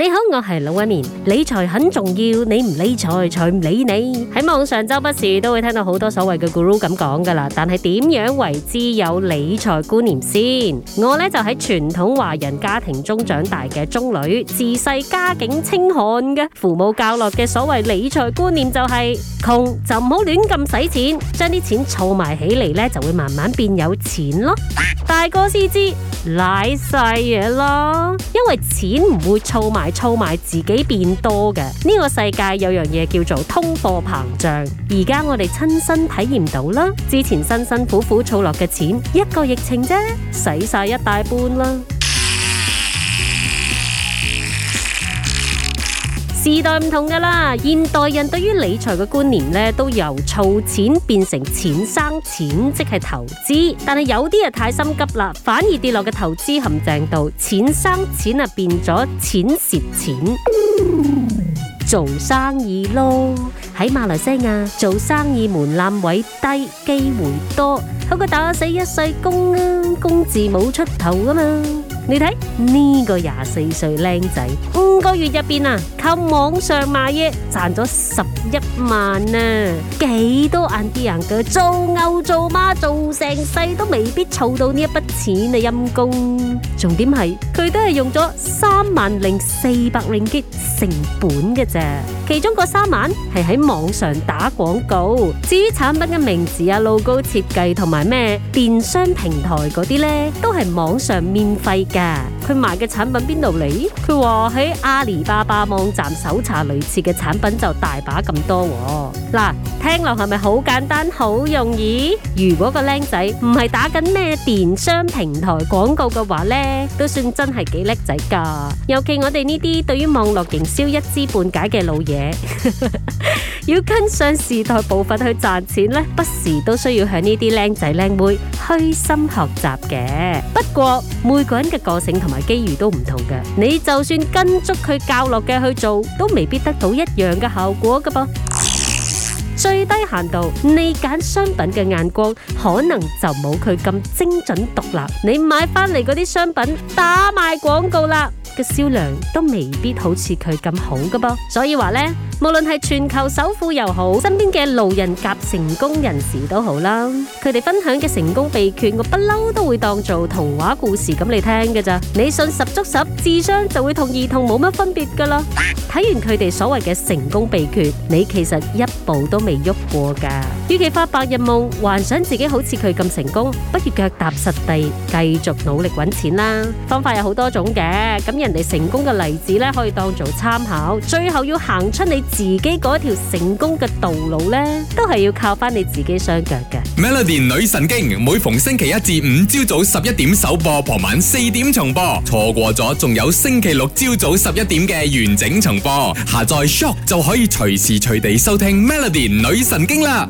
你好，我係老一棉。理財很重要，你唔理財，財唔理你。喺網上周不時都會聽到好多所謂嘅 guru 咁講噶啦，但係點樣為之有理財觀念先？我呢，就喺傳統華人家庭中長大嘅中女，自細家境清寒嘅，父母教落嘅所謂理財觀念就係窮就唔好亂咁使錢，將啲錢儲埋起嚟，呢就會慢慢變有錢咯。大個先知。嘥晒嘢咯，因為錢唔會儲埋儲埋自己變多嘅。呢個世界有樣嘢叫做通貨膨脹，而家我哋親身體驗到啦。之前辛辛苦苦儲落嘅錢，一個疫情啫，使晒一大半啦。時代唔同噶啦，現代人對於理財嘅觀念咧，都由儲錢變成錢生錢，即係投資。但係有啲人太心急啦，反而跌落嘅投資陷阱度，錢生錢啊變咗錢蝕錢， 做生意咯。喺馬來西亞做生意門檻位低，機會多，好過打死一世工啊，工字冇出頭啊嘛。你睇呢個廿四歲僆仔五個月入邊啊，靠網上賣嘢賺咗十一萬啊，幾多晏啲人噶做牛做馬做成世都未必儲到呢一筆錢啊，陰公！重點係佢都係用咗三萬零四百零幾成本嘅啫，其中個三萬係喺網上打廣告，至於產品嘅名字啊、logo 設計同埋咩電商平台嗰啲咧，都係網上免費嘅。佢賣嘅產品邊度嚟？佢話喺阿里巴巴網站搜查類似嘅產品就大把咁多喎。嗱，聽落係咪好簡單好容易？如果個僆仔唔係打緊咩電商平台廣告嘅話呢，都算真係幾叻仔㗎。尤其我哋呢啲對於網絡營銷一知半解嘅老嘢。 要跟上時代步伐去賺錢咧，不時都需要向呢啲靚仔靚妹虛心學習嘅。不過每個人嘅個性同埋機遇都唔同嘅，你就算跟足佢教落嘅去做，都未必得到一樣嘅效果㗎噃。最低限度，你揀商品嘅眼光可能就冇佢咁精準獨立，你買翻嚟嗰啲商品打賣廣告啦，個銷量都未必好似佢咁好㗎噃。所以話咧。無論係全球首富又好，身邊嘅路人甲成功人士都好啦，佢哋分享嘅成功秘訣，我不嬲都會當做童話故事咁嚟聽噶咋。你信十足十，智商就會同兒童冇乜分別噶啦。睇完佢哋所謂嘅成功秘訣，你其實一步都未喐過噶。與其發白日夢，幻想自己好似佢咁成功，不如腳踏實地，繼續努力搵錢啦。方法有好多種嘅，咁人哋成功嘅例子咧，可以當做參考。最後要行出你自己嗰條成功嘅道路呢，都係要靠翻你自己雙腳嘅。Melody 女神經每逢星期一至五朝早十一點首播，傍晚四點重播，錯過咗仲有星期六朝早十一點嘅完整重播。下載 Shock 就可以隨時隨地收聽 Melody 女神經啦。